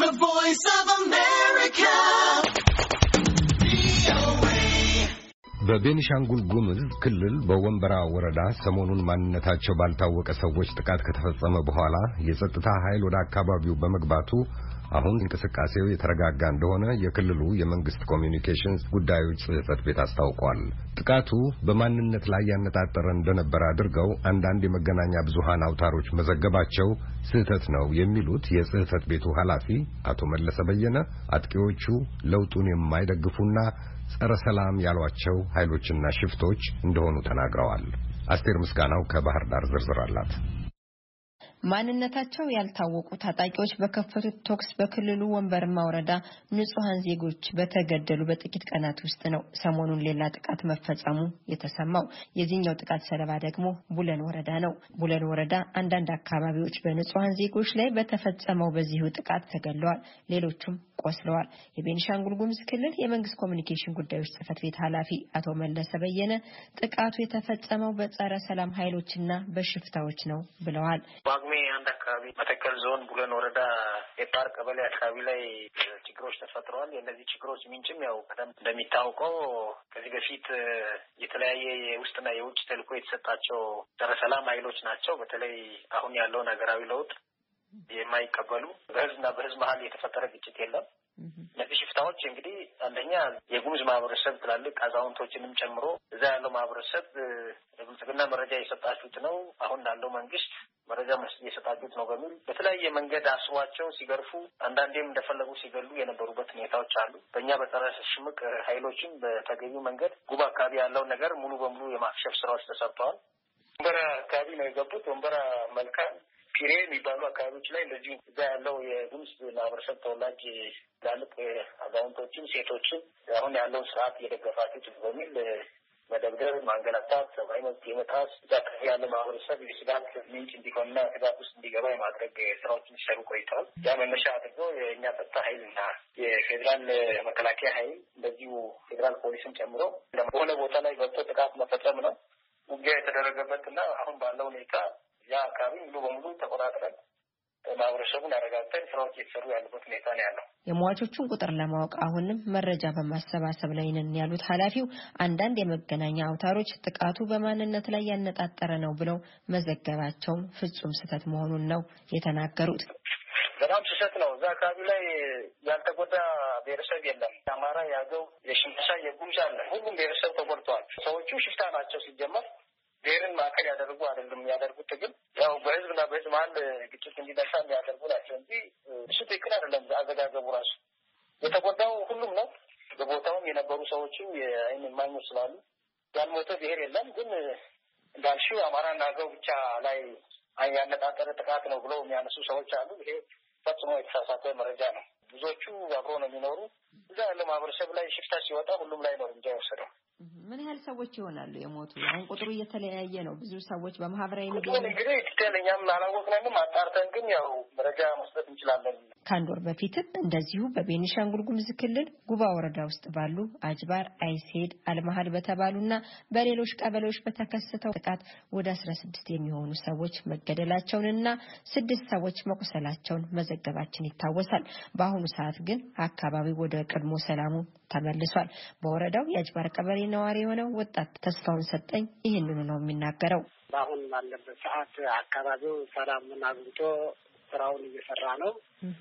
The Voice of America. በቤኒሻንጉል ጉምዝ ክልል በወንበራ ወረዳ ሰሞኑን ማንነታቸው ባልታወቀ ሰዎች ጥቃት ከተፈጸመ በኋላ የጸጥታ ኃይል ወደ አካባቢው በመግባቱ አሁን እንቅስቃሴው የተረጋጋ እንደሆነ የክልሉ የመንግስት ኮሚኒኬሽንስ ጉዳዮች ጽህፈት ቤት አስታውቋል። ጥቃቱ በማንነት ላይ ያነጣጠረ እንደነበረ አድርገው አንዳንድ የመገናኛ ብዙሃን አውታሮች መዘገባቸው ስህተት ነው የሚሉት የጽሕፈት ቤቱ ኃላፊ አቶ መለሰ በየነ አጥቂዎቹ ለውጡን የማይደግፉና ጸረ ሰላም ያሏቸው ኃይሎችና ሽፍቶች እንደሆኑ ተናግረዋል። አስቴር ምስጋናው ከባህር ዳር ዝርዝር አላት። ማንነታቸው ያልታወቁ ታጣቂዎች በከፈቱት ተኩስ በክልሉ ወንበርማ ወረዳ ንጹሐን ዜጎች በተገደሉ በጥቂት ቀናት ውስጥ ነው ሰሞኑን ሌላ ጥቃት መፈጸሙ የተሰማው። የዚህኛው ጥቃት ሰለባ ደግሞ ቡለን ወረዳ ነው። ቡለን ወረዳ አንዳንድ አካባቢዎች በንጹሐን ዜጎች ላይ በተፈጸመው በዚሁ ጥቃት ተገድለዋል፣ ሌሎቹም ቆስለዋል። የቤኒሻንጉል ጉምዝ ክልል የመንግስት ኮሚኒኬሽን ጉዳዮች ጽህፈት ቤት ኃላፊ አቶ መለሰ በየነ ጥቃቱ የተፈጸመው በጸረ ሰላም ኃይሎችና በሽፍታዎች ነው ብለዋል። ሎሜ አንድ አካባቢ መተከል ዞን ቡለን ወረዳ ኤፓር ቀበሌ አካባቢ ላይ ችግሮች ተፈጥረዋል። የእነዚህ ችግሮች ምንጭም ያው በደንብ እንደሚታወቀው ከዚህ በፊት የተለያየ የውስጥና የውጭ ተልእኮ የተሰጣቸው ጸረ ሰላም ኃይሎች ናቸው። በተለይ አሁን ያለውን ሀገራዊ ለውጥ የማይቀበሉ በህዝብና በህዝብ መሀል የተፈጠረ ግጭት የለም። እነዚህ ሽፍታዎች እንግዲህ አንደኛ የጉሙዝ ማህበረሰብ ትላልቅ አዛውንቶችንም ጨምሮ እዛ ያለው ማህበረሰብ ለብልጽግና መረጃ የሰጣችሁት ነው አሁን ላለው መንግስት መረጃ እየሰጣችሁት ነው በሚል በተለያየ መንገድ አስቧቸው ሲገርፉ፣ አንዳንዴም እንደፈለጉ ሲገሉ የነበሩበት ሁኔታዎች አሉ። በእኛ በጸረ ሽምቅ ኃይሎችም በተገቢ መንገድ ጉባ አካባቢ ያለውን ነገር ሙሉ በሙሉ የማክሸፍ ስራዎች ተሰርተዋል። ወንበራ አካባቢ ነው የገቡት። ወንበራ መልካም ፒሬ የሚባሉ አካባቢዎች ላይ እንደዚሁ እዛ ያለው የጉምዝ ማህበረሰብ ተወላጅ ትላልቅ አዛውንቶችን፣ ሴቶችን አሁን ያለውን ስርዓት እየደገፋችሁት በሚል መደብደብ፣ ማንገላታት፣ ሰብአዊ መብት የመጣስ እዛ ያለ ማህበረሰብ የስጋት ምንጭ እንዲሆንና ስጋት ውስጥ እንዲገባ የማድረግ ስራዎች የሚሰሩ ቆይተዋል። ያ መነሻ አድርጎ የእኛ ጸጥታ ኃይልና የፌዴራል መከላከያ ኃይል እንደዚሁ ፌዴራል ፖሊስን ጨምሮ በሆነ ቦታ ላይ ገብቶ ጥቃት መፈጸም ነው ውጊያ የተደረገበት እና አሁን ባለው ሁኔታ ያ አካባቢ ሙሉ በሙሉ ተቆጣጥረን ማህበረሰቡን አረጋግጠን ስራዎች እየተሰሩ ያሉበት ሁኔታ ነው ያለው። የሟቾቹን ቁጥር ለማወቅ አሁንም መረጃ በማሰባሰብ ላይ ነን ያሉት ኃላፊው፣ አንዳንድ የመገናኛ አውታሮች ጥቃቱ በማንነት ላይ ያነጣጠረ ነው ብለው መዘገባቸውም ፍጹም ስህተት መሆኑን ነው የተናገሩት። በጣም ስህተት ነው። እዛ አካባቢ ላይ ያልተጎዳ ብሔረሰብ የለም። የአማራ፣ የአገው፣ የሽንሳ፣ የጉምዝ አለ። ሁሉም ብሔረሰብ ተጎድተዋል። ሰዎቹ ሽፍታ ናቸው ሲጀመር ብሔርን ማዕከል ያደርጉ አይደለም የሚያደርጉት ትግል ያው በህዝብና በህዝብ መሀል ግጭት እንዲነሳ የሚያደርጉ ናቸው እንጂ እሱ ትክክል አይደለም። አዘጋገቡ ራሱ የተጎዳው ሁሉም ነው። በቦታውም የነበሩ ሰዎችም የአይን እማኞች ስላሉ ያልሞተ ብሔር የለም። ግን እንዳልሽው አማራና አገው ብቻ ላይ ያነጣጠረ ጥቃት ነው ብለው የሚያነሱ ሰዎች አሉ። ይሄ ፈጽሞ የተሳሳተ መረጃ ነው። ብዙዎቹ አብሮ ነው የሚኖሩ። እዛ ያለ ማህበረሰብ ላይ ሽፍታ ሲወጣ ሁሉም ላይ ነው እንጂ አይወሰደው ምን ያህል ሰዎች ይሆናሉ የሞቱ? አሁን ቁጥሩ እየተለያየ ነው። ብዙ ሰዎች በማህበራዊ ሚዲያ እንግዲህ ትክክለኛም እኛም አጣርተን ግን ያው መረጃ መስጠት እንችላለን። ከአንድ ወር በፊትም እንደዚሁ በቤኒሻንጉል ጉምዝ ክልል ጉባ ወረዳ ውስጥ ባሉ አጅባር፣ አይሴድ፣ አልመሀል በተባሉና በሌሎች ቀበሌዎች በተከሰተው ጥቃት ወደ አስራ ስድስት የሚሆኑ ሰዎች መገደላቸውንና ስድስት ሰዎች መቁሰላቸውን መዘገባችን ይታወሳል። በአሁኑ ሰዓት ግን አካባቢው ወደ ቀድሞ ሰላሙ ተመልሷል። በወረዳው የአጅባር ቀበሌ ነዋ ተባባሪ የሆነው ወጣት ተስፋውን ሰጠኝ ይህንኑ ነው የሚናገረው። በአሁን ባለበት ሰዓት አካባቢው ሰላምን አግኝቶ ስራውን እየሰራ ነው።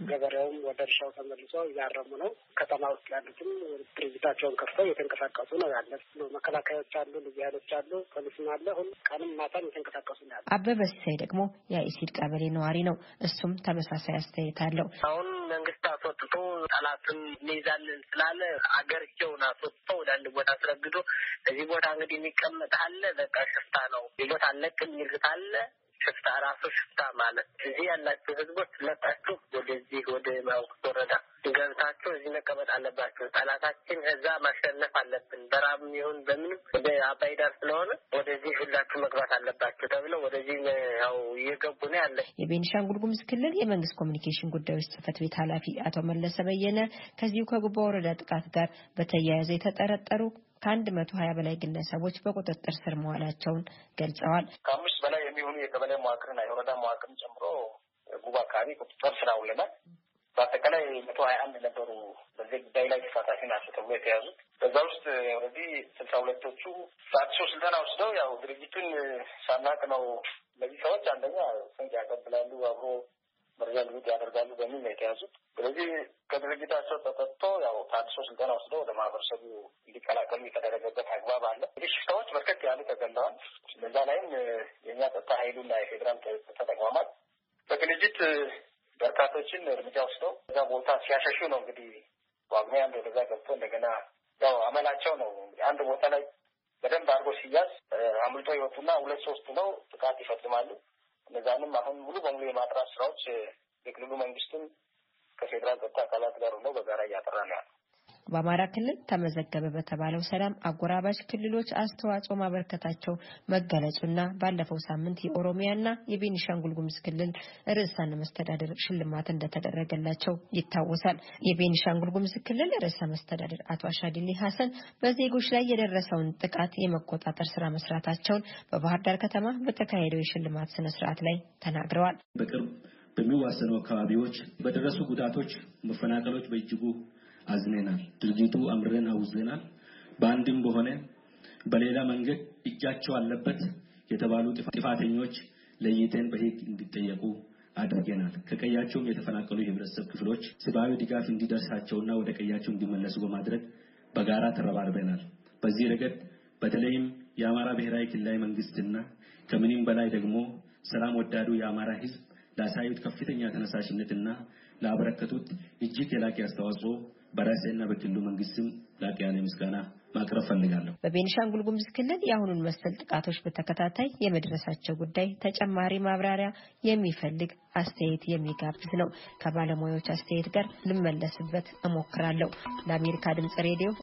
ገበሬውም ወደ እርሻው ተመልሶ እያረሙ ነው። ከተማ ውስጥ ያሉትም ድርጅታቸውን ከፍተው እየተንቀሳቀሱ ነው ያለ። መከላከያዎች አሉ፣ ልዩ ኃይሎች አሉ፣ ፖሊስም አለ። ሁሉ ቀንም ማታም እየተንቀሳቀሱ ነው ያለ። አበበ ሲሳይ ደግሞ የኢሲድ ቀበሌ ነዋሪ ነው። እሱም ተመሳሳይ አስተያየት አለው። አሁን መንግስት አስወጥቶ ጠላትን እንይዛለን ስላለ አገርቸውን አስወጥቶ ወደ አንድ ቦታ አስረግዶ እዚህ ቦታ እንግዲህ የሚቀመጥ አለ፣ በቃ ሽፍታ ነው፣ ቦታ አለቅ የሚልግት አለ ሽፍታ ራሱ ሽፍታ ማለት እዚህ ያላችሁ ህዝቦች ለጣችሁ ወደዚህ ወደ ማውቅ ወረዳ ገብታችሁ እዚህ መቀመጥ አለባችሁ። ጠላታችን እዛ ማሸነፍ አለብን። በራብም ይሁን በምንም ወደ አባይ ዳር ስለሆነ ወደዚህ ሁላችሁ መግባት አለባችሁ ተብለው ወደዚህ ያው እየገቡ ነው ያለ የቤኒሻንጉል ጉሙዝ ክልል የመንግስት ኮሚኒኬሽን ጉዳዮች ጽህፈት ቤት ኃላፊ አቶ መለሰ በየነ ከዚሁ ከጉባ ወረዳ ጥቃት ጋር በተያያዘ የተጠረጠሩ ከአንድ መቶ ሀያ በላይ ግለሰቦች በቁጥጥር ስር መዋላቸውን ገልጸዋል። ከአምስት በላይ የሚሆኑ የቀበሌ መዋቅርና የወረዳ መዋቅርን ጨምሮ ጉባ አካባቢ ቁጥጥር ስር አውለናል። በአጠቃላይ መቶ ሀያ አንድ ነበሩ በዚህ ጉዳይ ላይ ተሳታፊ ናቸው ተብሎ የተያዙት በዛ ውስጥ ወደዚህ ስልሳ ሁለቶቹ ሳትሶ ስልጠና ወስደው ያው ድርጅቱን ሳናቅ ነው። እነዚህ ሰዎች አንደኛ ስንቅ ያቀብላሉ አብሮ መረጃ ልውውጥ ያደርጋሉ በሚል ነው የተያዙት። ስለዚህ ከድርጅታቸው ተጠጥቶ ያው ታድሶ ስልጠና ወስዶ ወደ ማህበረሰቡ እንዲቀላቀሉ የተደረገበት አግባብ አለ። እንግዲህ ሽፍታዎች በርከት ያሉ ተገለዋል። በዛ ላይም የእኛ ጸጥታ ኃይሉና የፌዴራል ጸጥታ ተቋማት በቅንጅት በርካቶችን እርምጃ ወስደው እዛ ቦታ ሲያሸሹ ነው እንግዲህ ዋግኔ አንድ ወደዛ ገብቶ እንደገና ያው አመላቸው ነው እንግዲህ አንድ ቦታ ላይ በደንብ አድርጎ ሲያዝ አምልጦ ይወጡና ሁለት ሶስት ነው ጥቃት ይፈጽማሉ። እነዛንም አሁን ሙሉ በሙሉ የማጥራት ስራዎች የክልሉ መንግስትም ከፌዴራል ጸጥታ አካላት ጋር ሆኖ በጋራ እያጠራ ነው ያለው። በአማራ ክልል ተመዘገበ በተባለው ሰላም አጎራባች ክልሎች አስተዋጽኦ ማበረከታቸው መገለጹና ባለፈው ሳምንት የኦሮሚያና የቤኒሻንጉል ጉምዝ ክልል ርዕሰ መስተዳደር ሽልማት እንደተደረገላቸው ይታወሳል። የቤኒሻንጉል ጉምዝ ክልል ርዕሰ መስተዳደር አቶ አሻዲሊ ሀሰን በዜጎች ላይ የደረሰውን ጥቃት የመቆጣጠር ስራ መስራታቸውን በባህር ዳር ከተማ በተካሄደው የሽልማት ስነስርዓት ላይ ተናግረዋል። በቅርብ በሚዋሰኑ አካባቢዎች በደረሱ ጉዳቶች መፈናቀሎች በእጅጉ አዝነናል። ድርጊቱ አምረን አውዘናል። በአንድም በሆነ በሌላ መንገድ እጃቸው አለበት የተባሉ ጥፋተኞች ለይተን በሕግ እንዲጠየቁ አድርገናል። ከቀያቸውም የተፈናቀሉ የህብረተሰብ ክፍሎች ሰብአዊ ድጋፍ እንዲደርሳቸውና ወደ ቀያቸው እንዲመለሱ በማድረግ በጋራ ተረባርበናል። በዚህ ረገድ በተለይም የአማራ ብሔራዊ ክልላዊ መንግስትና ከምንም በላይ ደግሞ ሰላም ወዳዱ የአማራ ህዝብ ላሳዩት ከፍተኛ ተነሳሽነትና ላበረከቱት እጅግ የላቀ አስተዋጽኦ በራሴና በክልሉ መንግስትም ላቅ ያለ ምስጋና ማቅረብ ፈልጋለሁ። በቤኒሻንጉል ጉሙዝ ክልል የአሁኑን መሰል ጥቃቶች በተከታታይ የመድረሳቸው ጉዳይ ተጨማሪ ማብራሪያ የሚፈልግ አስተያየት የሚጋብዝ ነው። ከባለሙያዎች አስተያየት ጋር ልመለስበት እሞክራለሁ። ለአሜሪካ ድምጽ ሬዲዮ